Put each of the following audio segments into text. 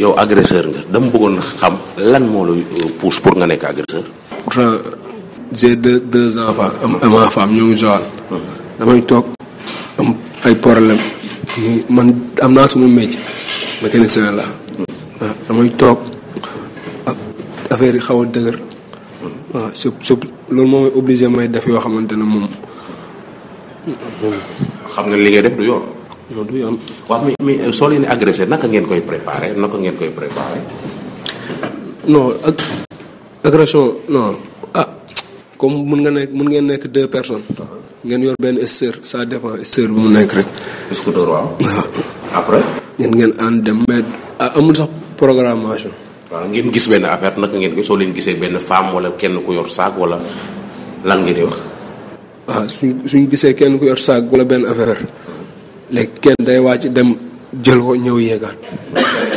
yow agresseur nga dama bëggoon xam lan moo lay euh, pousse pour nga nekk agresseur. pourtant j'ai deux deux enfants am am enfant ñu ngi Joal. damay toog am ay problème ni man am naa sama métier mécanicien la waaw ah, damay toog ak ah, affaire yi xaw a dëgër. waaw ah, sub sub loolu moom obligé may def yoo xamante ne moom. xam nga li def du yoon. non du yoon waaw mais mais euh, soo leen agressé naka ngeen koy préparé naka ngeen koy préparé. non ak agression non ah comme mun nga nekk mun ngeen nekk deux personnes. ngeen yor benn sœur ça dépend sœur bu mu nekk rek. scooter waaw. Ah. après. ngeen ngeen ànd dem. mais ah, amul sax programmation. waaw ngeen gis benn affaire naka ngeen ko soo leen gisee benn femme wala kenn ku yor saak wala lan ngeen di wax. waaw ah, suñ suñ gisee kenn ku yor saak wala benn affaire. léegi kenn day wàcc dem jël ko ñëw yeegaat.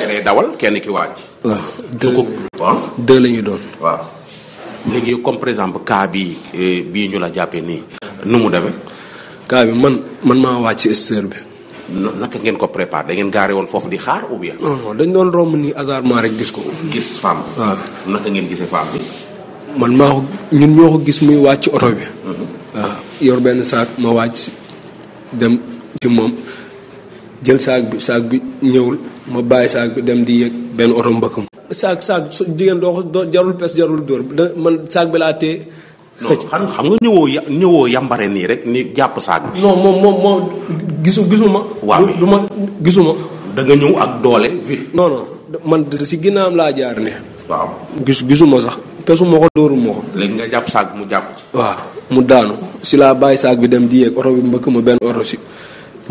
kenn dawal kenn ki wàcc. waaw deux deux la ñu doon. waaw léegi comme par kaa bi bii eh, bii ñu la jàppee nii nu mu demee. cas bi man man maa wàcc ci sër bi. naka ngeen ko prépare da ngeen gaare woon foofu di xaar ou bien. non non dañ doon romb nii hasardement rek gis ko. gis femme bi. waaw naka ngeen gisee femme bi. man maa ko ñun ñoo ko gis muy wàcc oto bi. Mhm. waaw yor benn saak ma wàcc dem. ci moom jël saag bi saag bi ñëwul ma bàyyi saag bi dem di yëg benn oto mbëkk ma. saag saag doo ko jarul pes jarul dóor man saag bi laa xam nga ñëwoo ñëwoo yambare nii rek ni jàpp saag bi. moom moom moom gisu gisuma. waaw du ma gisuma. da nga ñëw ak doole vif. non non man laa jaar ne. waaw gis gisuma sax pesu ma ko léegi nga jàpp saag mu jàpp waaw mu daanu si laa bàyyi saag bi dem di yéeg oto ma benn oto si.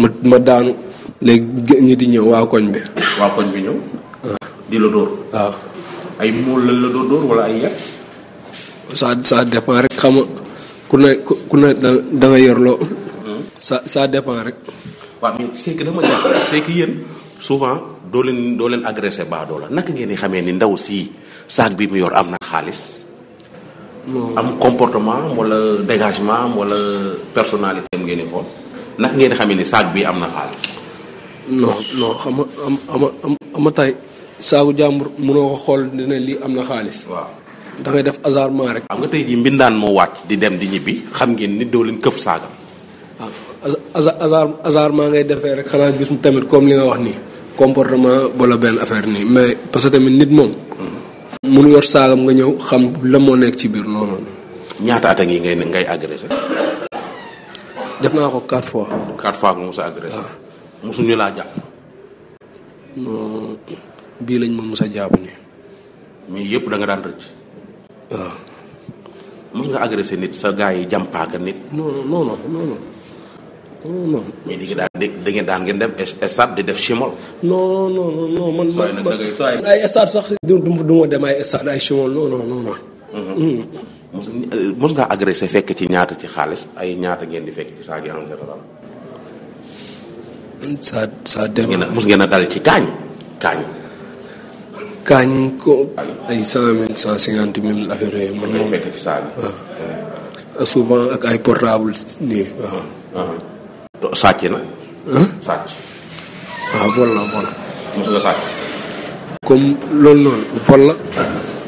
ma ma daanu léegi ñi di ñëw waa koñ bi. waa koñ bi ñëw. Ah. di la dóor. waaw. Ah. ay mool lañ la doon dóor wala ay yàq. ça ça dépend rek xam ku ne ku ne da nga yor loo. Hmm. ça ça dépend rek. waaw mais yéen souvent doo leen doo leen agressé baadoo la naka ngeen di xamee ni ndaw si saag bii mu yor am na xaalis. am comportement walla dégagement wala personnalité ngeen di xool. naka ngeen xamee ni saag bi am na xaalis. non non xam nga am am am tay saagu jàmbur mënoo ko xool dina lii am na xaalis. waaw da ngay def hasardement rek. xam nga tey jii mbindaan moo wàcc di dem di ñibbi xam ngeen ni doo leen këf saagam. waaw ah, hasardement ngay defee rek xanaa gis tamit comme li nga wax nii comportement wala benn affaire nii mais parce que tamit nit moom. mënu yor saagam nga ñëw xam la moo nekk ci biir noonu. ñaata at a ngi ngay ngay agressé. def naa ko quatre fois. quatre fois mu mos a agressé. waaw ah. mosuñu laa jàpp. non bii lañ ma mos a jàpp nii. mais yëpp danga daan rëcc. waaw. Ah. mos nga agressé nit sa gaa yi jam nit. non non non non non non. mais def chimol. non non non man. man ay stade sax. du ma dem ay stade ay chimol non non non. Mhm. Mm. mos nga ngaa agressé fekk ci ñaata ci xaalis ay ñaata ngeen di fekk ci saag yi en général. ça ça dépend mos ngeen a dal ci kaañ kaañ. kaañ ko ay cent mille cent cinquante mille affaire yooyu. mën nga fekk ci saag yi euh, souvent ak ay portable nii ah, ah. sàcc na. Ah, sàcc. comme loolu noonu vol la.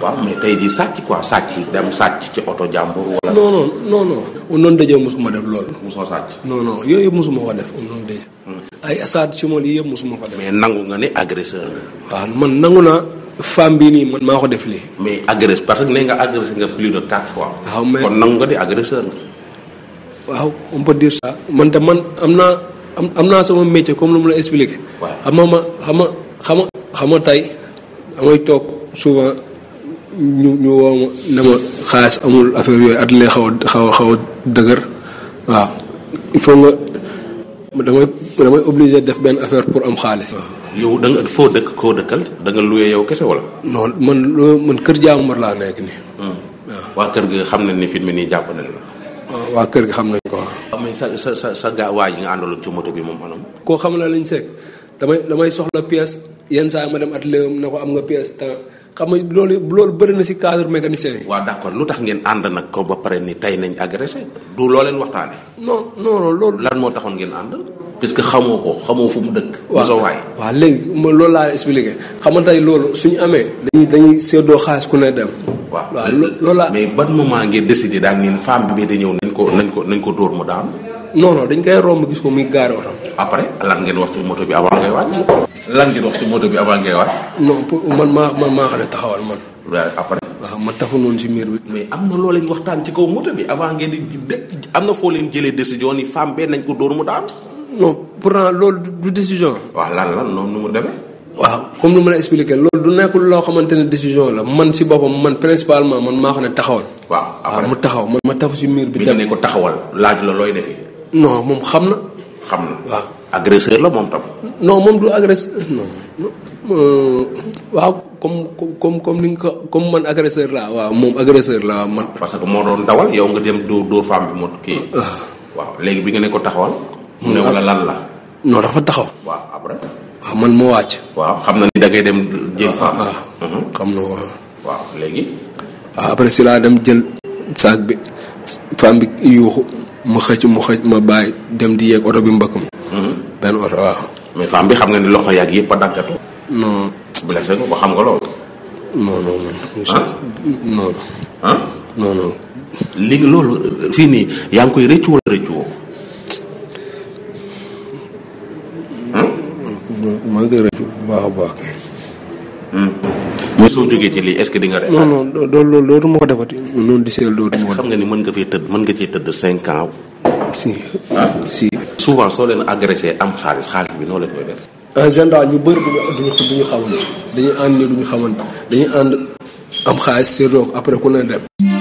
pas mais tey jii sàcc quoi sàcc dem sàcc ci oto jàmbur wala. non non non de Dieu mosuma def loolu. mosoo sàcc. non non yooyu yëpp mosuma ko def de Dieu. Hmm. ay asaad si mool yii yëpp mosuma ko def. mais nangu nga ne mais agresse parce que nee nga agressé nga plus de quatre fois. waaw mais kon nangu nga di agresseur la. waaw man te man am naa sama métier comme lu mu la expliqué. waaw xam ma xama xama xama tey damay toog souvent. ñu ñu woo ma ne ma xaalis amul affaire yooyu at lay xaw xaw a xaw a dëgër waaw il faut nga damay damay def benn affaire pour am xaalis. yow da foo dëkk koo dëkkal da nga loué yow kese wala. non man loo man kër jaamur laa nekk nii. Hmm. waa kër gi xam nañ ni film nii jàpp nañ waa kër gi xam nañ ko waaw. Ah, mais sa sa sa sa gaa waa yi nga àndaloon ci moto bi moom anam. koo xam la lañ sekk damay damay soxla pièce yenn saa ma dem atelier am na ko am nga pièce temps. xam nga loolu loolu bëri na si cadre mécanicien yi. waaw d' lu tax ngeen ànd nag ko ba pare ni tey nañ agressé du loo leen waxtaanee. non non non loolu. lan moo taxoon ngeen ànd. parce que xamoo ko xamoo fu mu dëkk. waaw mosoo waay. waa léegi ma loolu laa expliqué xam nga tey loolu suñu amee. dañuy dañuy séddoo xaalis ku ne dem. waaw loolu laa mais ban moment ngeen décidé daal ni femme bi da ñëw nañ ko nañ ko nañ ko dóor mu daanu. non dañ koy romb gis ko muy gaare oto. après lan ngeen wax ci moto bi avant lan ngeen wax ci moto bi avant ngay wàcc. non man maa man maa taxawal man. waaye après. waaw ma tafu noonu ci miir bi. mais am na loo leen waxtaan ci kaw moto bi avant ngeen di de am na foo leen jëlee décision ni femme bee nañ ko dóor mu daanu. non pourtant loolu du décision. waaw lan lan noonu nu mu demee. waaw comme lu ma la expliqué loolu du nekkul loo xamante ne décision la man si boppam man principalement man maa xam ne taxawal. waaw mu taxaw man ma tafu si miir bi. dem ko taxawal laaj la looy defee. non moom xam na. xam na waaw agresseur la moom tam. no moom du agresseur non euh, waaw comme comme comme ni nga ko comme man agresseur la waaw moom agresseur laa man. parce que moo doon dawal yow nga dem dóor dóor femme bi moo kii. Ah. waaw léegi bi nga ne ko taxawal. mu ne mm, wala ah. lan la. non dafa taxaw. waaw après. waaw ah, man moo wàcc. waaw xam na ni dangay dem jël femme. Mhm. xam na waaw. waaw léegi. waaw après si laa dem jël saag bi femme bi yuuxu. mu xëcc mu xëcc ma bàyyi dem di yeeg oto bi mbëkkam mhm. benn oto waaw. mais femme bi xam nga ni loxo yàgg yëpp a daggatu. non. blessé nga ko xam nga loolu. non non man. non non. ah non loolu fii nii yaa ngi koy rëccu mais soo jógee ci lii est-ce que di nga. non non loolu loolu moo ko defati. noonu di seetlu loolu. est-ce que xam nga ni mën nga fee tëdd mën nga cee tëdd cinq ans. si ah. si. souvent soo leen agressé am xaalis xaalis bi noo leen koy def. en euh, général ñu bëri du ñu du ñu xamante dañuy ànd ni du ñu xamante dañuy ànd am xaalis seetloo ko après ku ne dem.